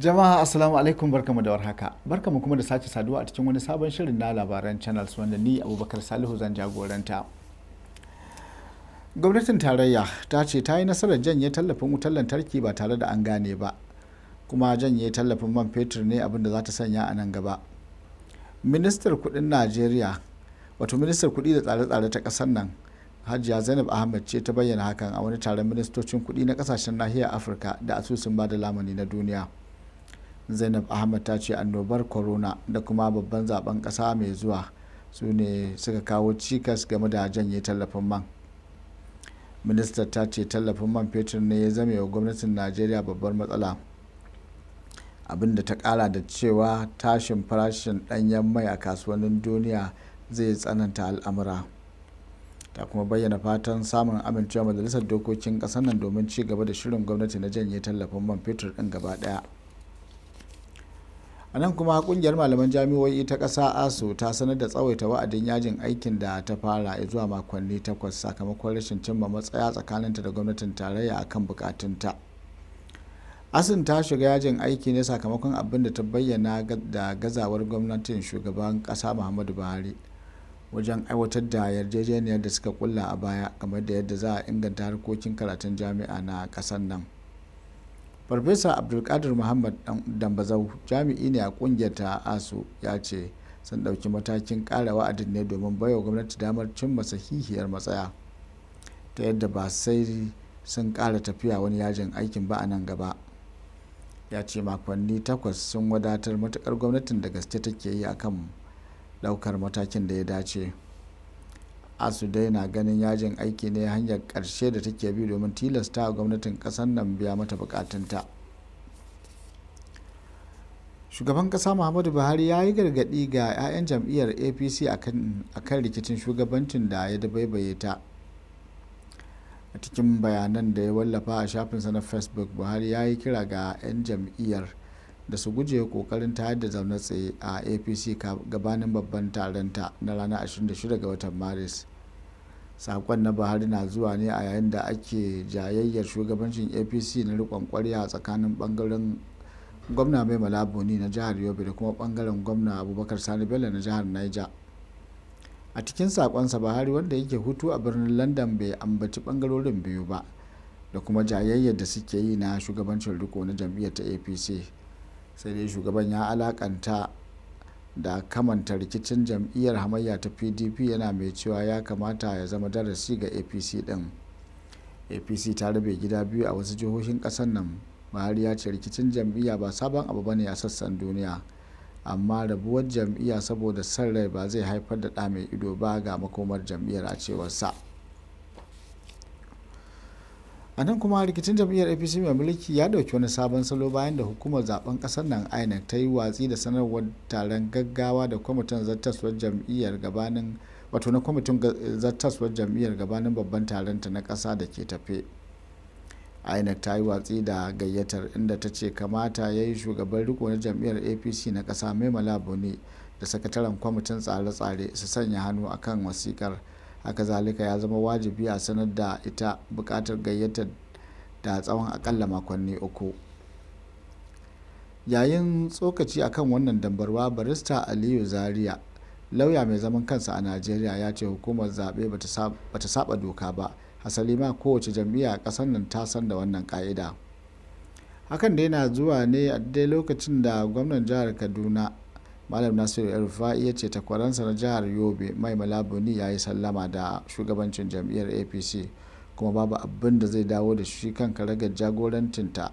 Jama'a Assalamu alaikum barkamu da warhaka. Barkamu kuma da sace saduwa a cikin wani sabon shirin na labaran channels wanda ni Abubakar Salihu zan jagoranta. Gwamnatin tarayya ta ce ta yi nasarar janye tallafin wutar lantarki ba tare da an gane ba. Kuma janye tallafin man fetur ne abin da za ta sanya a nan gaba. Ministar kudin Najeriya wato ministar kudi da tsare-tsare ta kasar nan Hajiya Zainab Ahmed ce ta bayyana hakan a wani taron ministocin kudi na kasashen nahiyar Afirka da asusun ba da lamani na duniya. zainab ahmad ta ce annobar corona da kuma babban zaben kasa mai zuwa su ne suka kawo cikas game da janye tallafin man minista ta ce tallafin man fetur ne ya zame wa gwamnatin najeriya babbar matsala abinda ta kara da cewa tashin farashin danyen mai a kasuwannin duniya zai tsananta al'amura ta kuma bayyana fatan samun amincewa majalisar dokokin kasar nan domin ci gaba da shirin gwamnati na janye tallafin man fetur din gaba daya a nan kuma kungiyar malaman jami'o'i ta kasa aso ta sanar da tsawaita wa'adin yajin aikin da ta fara zuwa makonni takwas sakamakon rashin cimma matsaya tsakaninta da gwamnatin tarayya akan bukatunta asin ta shiga yajin aiki ne sakamakon abin da ta bayyana da gazawar gwamnatin shugaban ƙasa muhammadu buhari wajen aiwatar da yarjejeniyar da suka kulla a baya kamar da yadda za a inganta harkokin karatun jami'a na ƙasar nan. farfesa abdulkadir muhammad dambazau jami'i ne a kungiyar ta asu ya ce sun ɗauki matakin ƙara wa'adin ne domin baiwa gwamnati damar cimma sahihiyar matsaya ta yadda ba sai sun ƙara tafiya wani yajin aikin ba a nan gaba ya ce makonni takwas sun wadatar matukar gwamnatin da gaske take yi akan ɗaukar matakin da ya dace. a su daina ganin yajin aiki ne hanyar karshe da take bi domin tilasta gwamnatin ƙasar nan biya mata bukatunta shugaban ƙasa muhammadu buhari ya yi gargadi ga 'ya'yan jam'iyyar apc a kan rikicin shugabancin da ya dabaibaye ta a cikin bayanan da ya wallafa a shafinsa na facebook buhari ya yi kira ga 'yan jam'iyyar da su guje kokarin tayar da zaune tsaye a apc gabanin babban taron ta na ranar 26 ga watan maris sakon na buhari na zuwa ne a yayin da ake jayayyar shugabancin apc na rikon kwarya a tsakanin bangaren gwamna mai malabuni na jihar yobe da kuma bangaren gwamna abubakar sani bello na jihar niger a cikin sakonsa buhari wanda yake hutu a birnin london bai ambaci bangarorin biyu ba da kuma jayayyar da suke yi na shugabancin riko na jam'iyyar ta apc sai dai shugaban ya alakanta da kamanta rikicin jam'iyyar hamayya ta pdp yana mai cewa ya kamata ya zama darasi ga apc din apc ta rabe gida biyu a wasu jihohin kasar nan buhari ya ce rikicin jam'iyya ba sabon abu bane a sassan duniya amma rabuwar jam'iyya saboda son rai ba zai haifar da ɗa mai ido ba ga makomar jam'iyyar a cewar sa. a nan kuma rikicin jam'iyyar apc mai mulki ya dauki wani sabon salo bayan da hukumar zaben kasar nan inec ta yi watsi da sanarwar taron gaggawa da kwamitin zartaswar jam'iyyar gabanin wato na kwamitin zartaswar jam'iyyar gabanin babban taron ta na kasa da ke tafe inec ta yi watsi da gayyatar inda ta ce kamata ya yi shugaban riko na jam'iyyar apc na kasa mai malabo da sakataren kwamitin tsare-tsare su sanya hannu akan wasikar a kazalika ya zama wajibi a sanar da ita bukatar gayyata da tsawon akalla makonni uku yayin tsokaci akan wannan dambarwa barista aliyu zaria lauya mai zaman kansa a najeriya ya ce hukumar zaɓe ba ta saba doka ba hasali ma kowace jam'iyya ƙasar nan ta san da wannan ƙa'ida hakan da yana zuwa ne a daidai lokacin da gwamnan jihar kaduna malam nasiru rufa'i iya ce takwaransa na jihar yobe mai malabuni ya yi sallama da shugabancin jam'iyyar apc kuma babu abin da zai dawo da shi kan karagar jagorantinta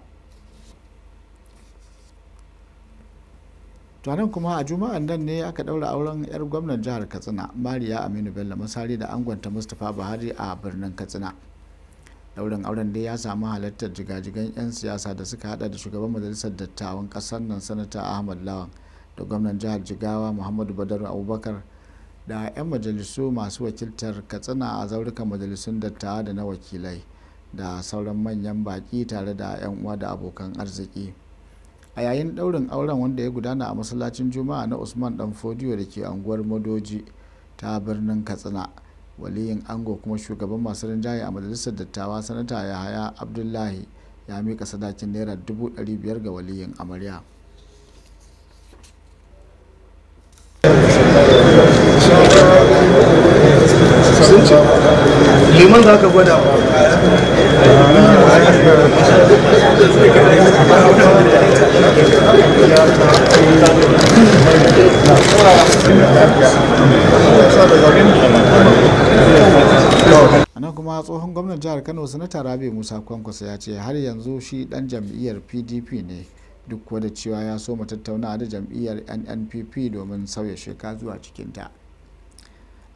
tunanin kuma a juma'an nan ne aka daura auren 'yar gwamnan jihar katsina mariya aminu bello masari da angonta mustapha buhari a birnin katsina daurin auren dai ya samu halartar jigajigan 'yan siyasa da suka hada da shugaban majalisar dattawan kasar nan sanata ahmad lawan da gwamnan jihar jigawa muhammadu badar abubakar da 'yan majalisu masu wakiltar katsina a zaurukan majalisun dattawa da na wakilai da sauran manyan baki tare da 'yan uwa da abokan arziki a yayin daurin auren wanda ya gudana a masallacin juma'a na usman dan fodiyo da ke anguwar madoji ta birnin katsina waliyin ango kuma shugaban masu rinjaye a majalisar dattawa sanata yahaya abdullahi ya mika sadakin naira 500 ga waliyin amarya kuma tsohon gwamnan jihar kano sanata rabi musa kwankwasa ya ce har yanzu shi dan jam'iyyar pdp ne duk wadda cewa ya so mu tattauna da jam'iyyar nnpp domin sauya sheka zuwa cikinta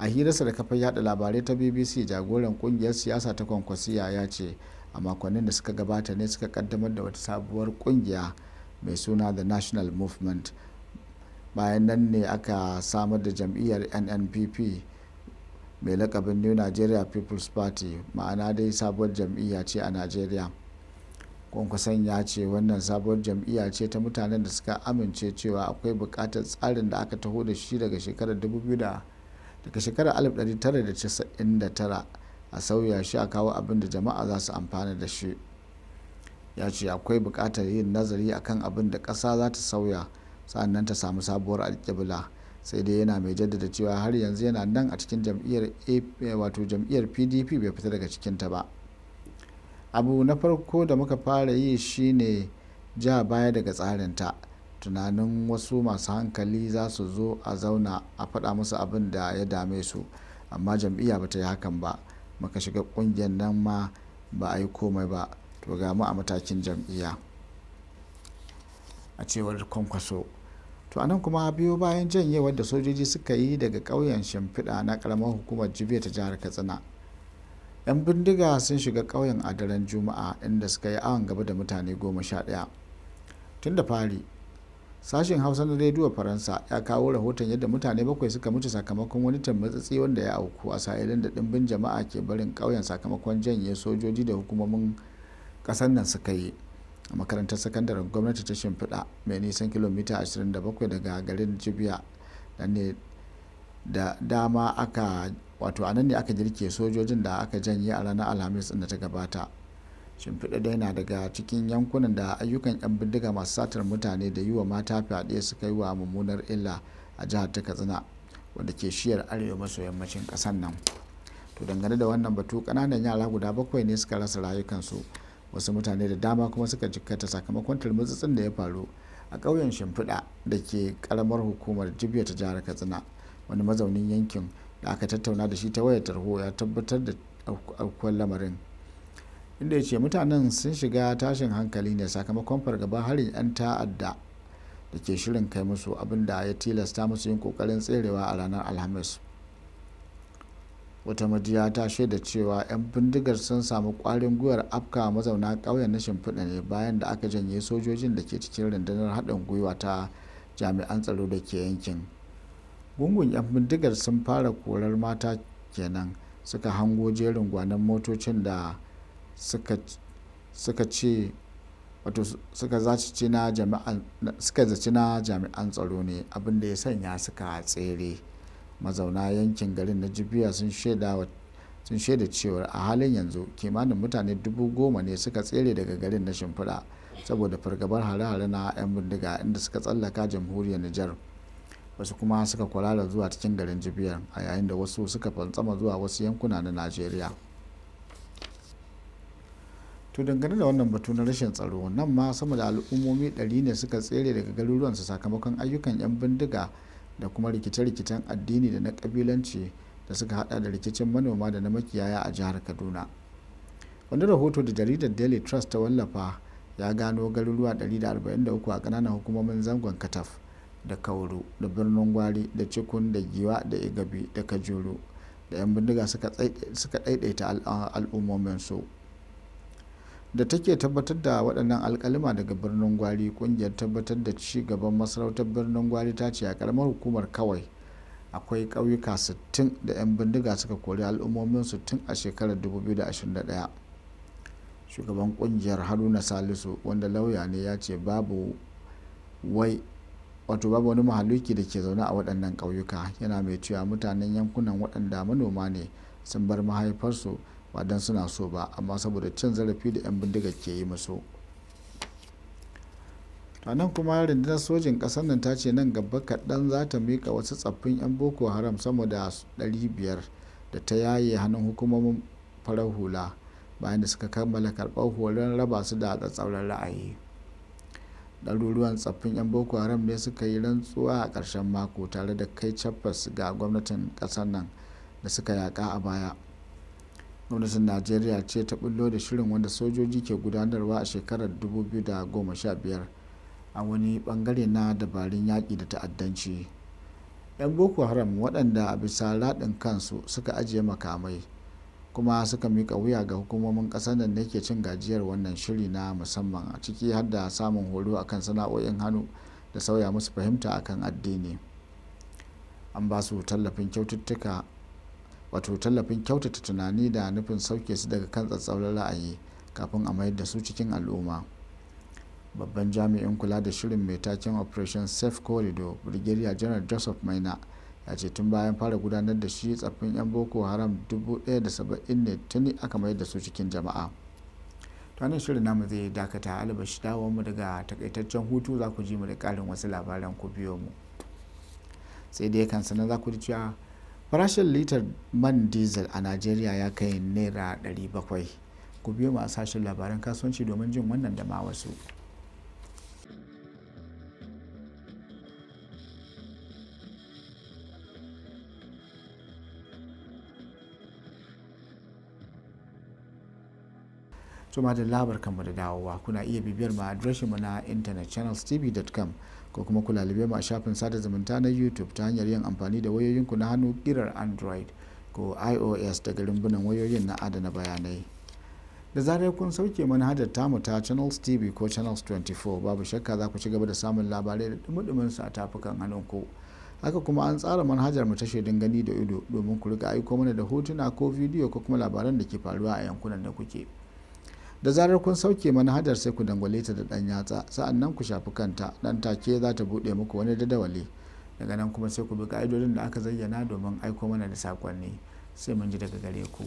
a hirarsa da kafin yada labarai ta bbc jagoran kungiyar siyasa ta kwankwasiya ya ce a makonnin da suka gabata ne suka kaddamar da wata sabuwar kungiya mai suna the national movement bayan nan ne aka samar da jam'iyyar nnpp mai lakabin new nigeria people's party ma'ana dai sabuwar jam'iyya ce a nigeria kwankwasan ya ce wannan sabuwar jam'iyya ce ta mutanen da suka amince cewa akwai bukatar tsarin da aka taho da shi daga shekarar 2000 daga shekarar 1999 a sauya shi a kawo abin da jama'a za su amfana da shi ya ce akwai bukatar yin nazari a kan abin da ƙasa za ta sauya sannan ta samu sabuwar alƙibla sai dai yana mai jaddada cewa har yanzu yana nan a cikin jam'iyyar wato jam'iyyar pdp bai fita daga cikin ta ba abu na farko da muka fara yi shine ja baya daga tsarinta tunanin wasu masu hankali za su zo a zauna a faɗa musu abin da ya dame su amma jam'iyya ba ta yi hakan ba muka shiga ƙungiyar nan ma ba a yi komai ba to ga mu a matakin jam'iyya a cewar kwankwaso to anan kuma biyo bayan janyewar da sojoji suka yi daga ƙauyen shimfiɗa na ƙaramar hukumar jibiya ta jihar katsina 'yan bindiga sun shiga ƙauyen a daren juma'a inda suka yi awon gaba da mutane goma sha ɗaya tun da fari sashen hausa na rediyo faransa ya kawo rahoton yadda mutane bakwai suka mutu sakamakon wani tambatsatsi wanda ya auku a sa'ilin da dimbin jama'a ke barin ƙauyen sakamakon janye sojoji da hukumomin ƙasar nan suka yi a makarantar sakandaren gwamnati ta shimfiɗa mai nisan kilomita 27 daga garin jibiya da dama aka wato anan ne aka girke sojojin da aka janye a ranar alhamis da ta gabata shimfiɗa dai na daga cikin yankunan da ayyukan 'yan bindiga masu satar mutane da yi wa mata fyaɗe suka yi wa mummunar illa a jihar ta katsina wanda ke shiyar arewa maso yammacin ƙasar nan to dangane da wannan batu ƙananan yara guda bakwai ne suka rasa rayukansu wasu mutane da dama kuma suka jikkata sakamakon turmutsutsun da ya faru a ƙauyen shimfiɗa da ke ƙaramar hukumar jibiya ta jihar katsina wani mazaunin yankin da aka tattauna da shi ta wayar tarho ya tabbatar da aukuwar lamarin inda ya ce mutanen sun shiga tashin hankali ne sakamakon fargaba harin 'yan ta'adda da ke shirin kai musu abinda ya tilasta musu yin kokarin tserewa a ranar alhamis wata majiya ta shaida cewa 'yan bindigar sun samu kwarin gwiwar afka mazauna ƙauyen na shimfiɗa ne bayan da aka janye sojojin da ke cikin rundunar haɗin gwiwa ta jami'an tsaro da ke yankin gungun 'yan bindigar sun fara korar mata kenan suka hango jerin gwanon motocin da suka zaci na jami'an tsaro ne abinda ya sanya suka tsere mazauna yankin garin na jibiya sun shaida sun cewar a halin yanzu kimanin mutane dubu goma ne suka tsere daga garin na shimfiɗa saboda fargabar hare-hare na 'yan bindiga inda suka tsallaka jamhuriyar nijar wasu kuma suka kwalala zuwa cikin garin jibiyar a yayin da wasu suka fantsama zuwa wasu yankuna na najeriya to dangane da wannan batu na rashin tsaro nan ma sama da al'ummomi 100 ne suka tsere daga garuruwansu sakamakon ayyukan 'yan bindiga da kuma rikice-rikicen addini da na kabilanci da suka hada da rikicin manoma da na makiyaya a jihar kaduna wani rahoto da jaridar daily trust ta wallafa ya gano garuruwa 143 a kananan hukumomin zangon kataf da kauru da birnin gwari da cikun da giwa da igabi da kajuru da 'yan bindiga suka daidaita al'ummominsu. su da take tabbatar da waɗannan alkalima daga birnin gwari ƙungiyar tabbatar da ci gaban masarautar birnin gwari ta ce a karamar hukumar kawai akwai ƙauyuka 60 da 'yan bindiga suka kori al'ummomin su tun a shekarar 2021 shugaban kungiyar haruna salisu wanda lauya ne ya ce babu wai wato babu wani mahaluki da ke zaune a waɗannan ƙauyuka yana mai cewa mutanen yankunan waɗanda manoma ne sun bar mahaifarsu ba don suna so ba amma saboda cin zarafi da 'yan bindiga ke yi musu nan kuma rundunar sojin ƙasar nan ta ce nan gaba kaɗan za ta miƙa wasu tsaffin 'yan boko haram sama da 500 da ta yaye hannun hukumomin farar hula bayan da suka kammala karɓar horon raba su da tsatsauran ra'ayi ɗaruruwan tsaffin 'yan boko haram ne suka yi rantsuwa a ƙarshen mako tare da kai cafas ga gwamnatin kasar nan da suka yaƙa a baya gwamnatin najeriya ce ta bullo da shirin wanda sojoji ke gudanarwa a shekarar 2015 a wani bangare na dabarun yaƙi da ta'addanci 'yan boko haram waɗanda a bisa raɗin kansu suka ajiye makamai kuma suka mika wuya ga hukumomin ƙasar da ne ke cin gajiyar wannan shiri na musamman a ciki har da samun horo akan sana'o'in hannu da sauya musu fahimta akan addini an ba su tallafin kyaututtuka wato tallafin kyautata tunani da nufin sauke su daga kan tsatsauran ra'ayi kafin a mayar da su cikin al'umma babban jami'in kula da shirin mai taken operation safe corridor brigadier general joseph maina ya ce tun bayan fara gudanar da shi tsaffin 'yan boko haram 1,070 ne tuni aka mayar da su cikin jama'a tunanin shirin namu zai dakata albashi mu daga takaitaccen hutu za ku ji mu da karin wasu labaran ku biyo mu sai dai kan sana za ku ji cewa farashin litar man diesel a najeriya ya kai naira 700 ku biyo masu sashen labaran kasuwanci domin jin wannan da ma wasu tuma da labar kanmu da dawowa kuna iya bibiyar ma adireshinmu na internet channels tv.com. ko kuma ku lalube mu a shafin sada zumunta na youtube ta hanyar yin amfani da wayoyinku na hannu kirar android ko ios daga rumbunan wayoyin na adana bayanai da zarar kun sauke manhajar tamu ta channels tv ko channels 24 babu shakka za ku ci gaba da samun labarai da dumudumin su a tafukan hannunku haka kuma an tsara manhajar mu ta shaidun gani da ido domin ku riga aiko mana da hotuna ko bidiyo ko kuma labaran da ke faruwa a yankunan da kuke. da zarar kun sauke manhajar sai ku dangwale ta da dan yatsa sa'an nan ku shafi kanta dan take za ta buɗe muku wani dadawali daga nan kuma sai ku bi ka'idodin da aka zayyana domin aiko mana da sakonni sai mun ji daga gare ku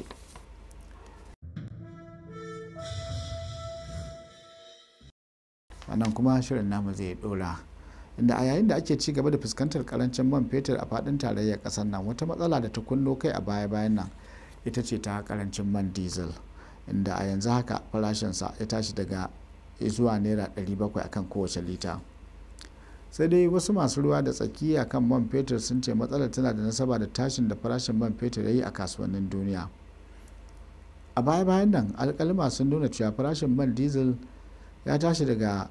nan kuma shirin namu zai dora inda a yayin da ake ci gaba da fuskantar karancin man fetur a fadin tarayyar kasar nan wata matsala da ta kunno kai a baya-bayan nan ita ce ta karancin man diesel inda a yanzu haka farashinsa ya tashi daga zuwa naira 700 akan kowace lita sai dai wasu masu ruwa da tsaki a kan man fetur sun ce matsalar tana da nasaba da tashin da farashin man fetur ya yi a kasuwannin duniya a baya-bayan nan alkalima sun nuna cewa farashin man diesel ya tashi daga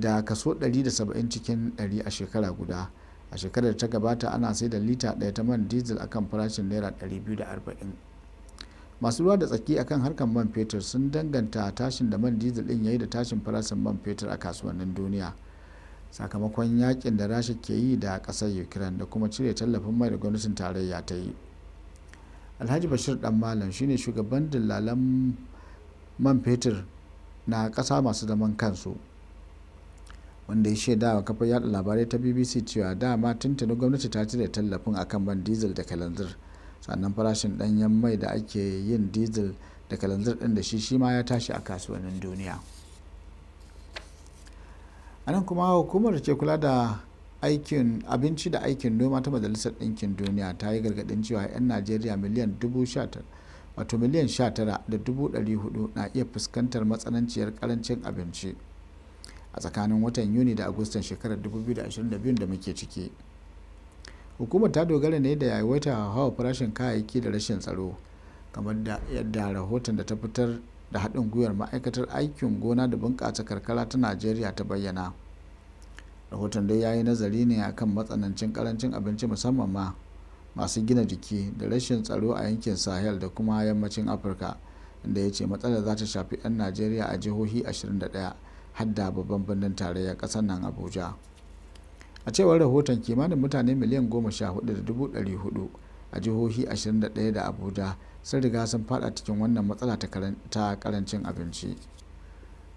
da kaso 170 cikin 100 a shekara guda a shekarar ta gabata ana sai da lita ɗaya ta man diesel akan farashin naira 240 masu ruwa da tsaki akan harkar man fetur sun danganta tashin da man diesel din yayi da tashin farasin man fetur a kasuwannin duniya sakamakon yakin da rasha ke yi da kasar ukraine da kuma cire tallafin mai da gwamnatin tarayya ta yi alhaji bashir dan malam shine shugaban dillalan man fetur na kasa masu zaman kansu wanda ya shaida wa kafar yada labarai ta bbc cewa dama tuntuni gwamnati ta cire tallafin akan man diesel da kalanzir sannan farashin danyen mai da ake yin diesel da kalanzir ɗin da shi shi ma ya tashi a kasuwannin duniya a nan kuma hukumar ke kula da aikin abinci da aikin noma ta majalisar ɗinkin duniya ta yi gargaɗin cewa 'yan najeriya miliyan wato miliyan 19 da dubu na iya fuskantar matsananciyar karancin abinci a tsakanin watan yuni da agustan shekarar 2022 da muke ciki. hukumar ta dogara ne da yawaita hawa farashin kayayyaki da rashin tsaro kamar da yadda rahoton da ta fitar da haɗin gwiwar ma'aikatar aikin gona da bunƙasa karkara ta najeriya ta bayyana rahoton dai ya yi nazari ne akan matsanancin karancin abinci musamman ma masu gina jiki da rashin tsaro a yankin sahel da kuma yammacin afirka inda ya ce matsalar za ta shafi 'yan najeriya a jihohi 21 har da babban birnin tarayyar ƙasar nan abuja a cewar rahoton kimanin mutane miliyan 14,400 a jihohi 21 da abuja sun riga sun fada cikin wannan matsala ta karancin abinci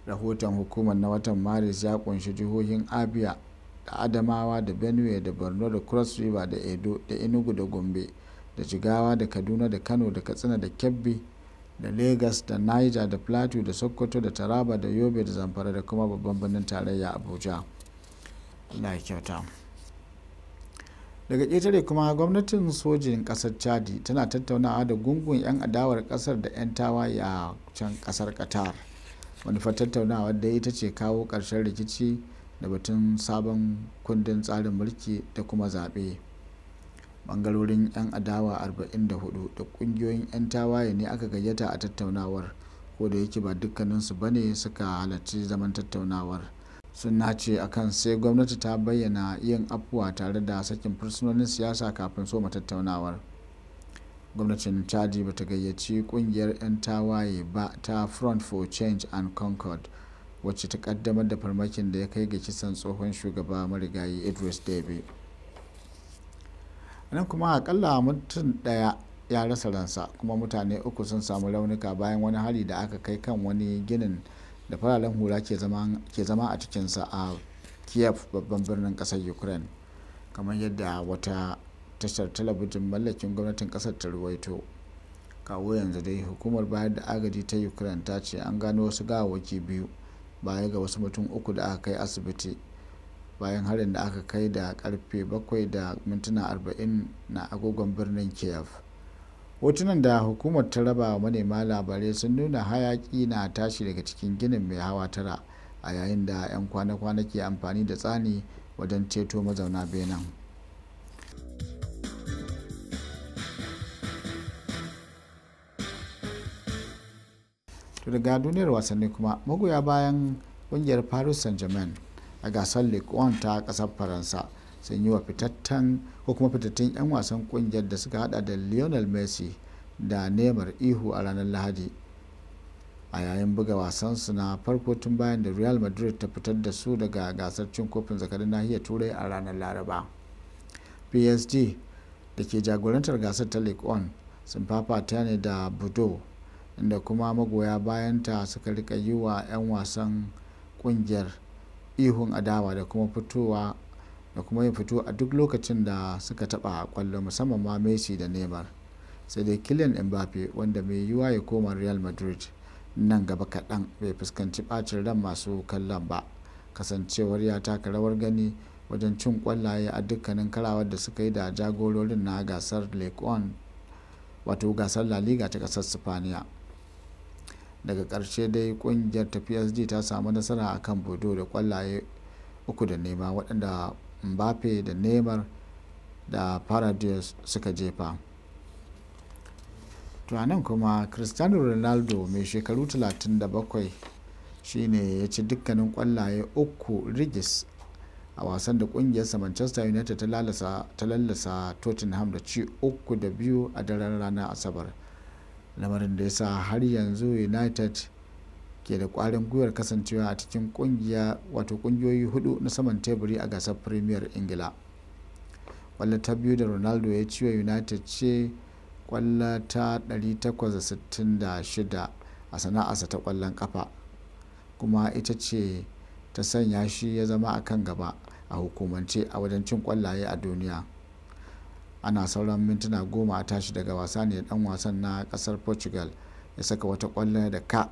rahoton hukumar na watan maris ya kunshi jihohin abia da adamawa da benue da borno da cross river da edo da enugu da gombe da jigawa da kaduna da kano da katsina da kebbi da lagos da niger da plateau da sokoto da taraba da yobe da zamfara da kuma babban birnin tarayya abuja na kyauta daga ƙetare kuma gwamnatin sojin ƙasar chadi tana tattaunawa da gungun 'yan adawar ƙasar da 'yan tawaye a can ƙasar qatar manufar tattaunawa da ita ce kawo ƙarshen rikici da batun sabon kundin tsarin mulki da kuma zaɓe ɓangarorin 'yan adawa 44 da ƙungiyoyin 'yan tawaye ne aka gayyata a tattaunawar ko da yake ba dukkaninsu ba ne suka halarci zaman tattaunawar sun nace akan sai gwamnati ta bayyana yin afuwa tare da sakin fursunonin siyasa kafin soma tattaunawar gwamnatin chadi ta gayyaci kungiyar 'yan tawaye ba ta front for change and concord wacce ta kaddamar da farmakin da ya kai ga kisan tsohon shugaba marigayi idris debe nan kuma akalla mutum daya ya rasa ransa kuma mutane uku sun samu launuka bayan wani hari da aka kai kan wani ginin da fararen hula ke zama a cikinsa a kiev babban birnin kasar ukraine kamar yadda wata tashar talabijin mallakin gwamnatin kasar ta ruwaito kawo yanzu dai hukumar bayar da agaji ta ukraine ta ce an gano wasu gawawaki biyu baya ga wasu mutum uku da aka kai asibiti bayan harin da aka kai da karfe 7 da mintuna 40 na agogon birnin kiev hotunan da hukumar ta raba wa manema labarai sun nuna hayaki na tashi daga cikin ginin mai hawa tara a yayin da 'yan kwana-kwana ke amfani da tsani wajen ceto mazauna benin to daga duniyar wasanni kuma magoya bayan kungiyar paris saint-germain a gasar ligue ta kasar faransa sun yi wa fitattun ko kuma fitattun 'yan wasan kungiyar da suka hada da lionel messi da neymar ihu a ranar lahadi a yayin buga wasansu na farko tun bayan da real madrid ta fitar da su daga gasar cin kofin zakarin nahiyar turai a ranar laraba psg da ke jagorantar gasar ta league one sun fafata ne da budo inda kuma magoya bayanta suka rika yi wa 'yan wasan kungiyar ihun adawa da kuma fitowa da kuma yin fito a duk lokacin da suka taba kwallo musamman ma messi da neymar sai dai kylian mbappe wanda mai yiwa ya koma real madrid nan gaba kaɗan bai fuskanci ɓacin ran masu kallon ba kasancewar ya taka rawar gani wajen cin kwallaye a dukkanin karawar da suka yi da jagororin na gasar lekon wato gasar la liga ta kasar spaniya daga ƙarshe dai kungiyar ta psg ta samu nasara a kan bodo da kwallaye uku da nema waɗanda mbappe da neymar da paradise suka jefa tunanin kuma cristiano ronaldo mai shekaru 37 shine ya ci dukkanin kwallaye uku rigis a wasan da kungiyarsa manchester united ta lallasa tottenham da ci uku da biyu a daren ranar asabar lamarin da ya sa har yanzu united ke da kwarin gwiwar kasancewa a cikin kungiya wato kungiyoyi hudu na saman teburi a gasar premier ingila kwallo ta biyu da ronaldo ya ciwo united ce kwallo ta 866 a sana'arsa ta kwallon kafa kuma ita ce ta sanya shi ya zama a kan gaba a hukumance a wajen cin kwallaye a duniya ana sauran mintuna goma a tashi daga wasa ne dan wasan na kasar portugal ya saka wata kwallo da ka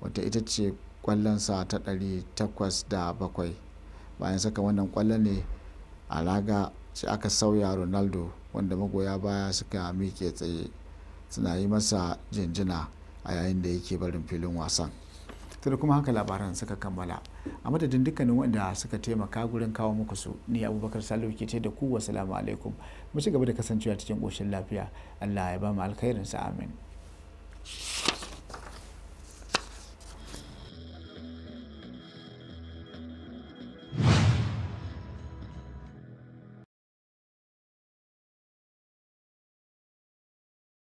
wata ita ce kwallonsa ta 807 bayan saka wannan kwallo ne a ce aka sauya ronaldo wanda magoya baya suka miƙe tsaye suna yi masa jinjina a yayin da yake barin filin wasan tun kuma haka labaran suka kammala a madadin dukkanin wanda suka taimaka gurin kawo muku su ni abubakar salihu ke ce da ku wasalamu alaikum mu ci gaba da kasancewa cikin ƙoshin lafiya allah ya ba mu alkhairinsa amin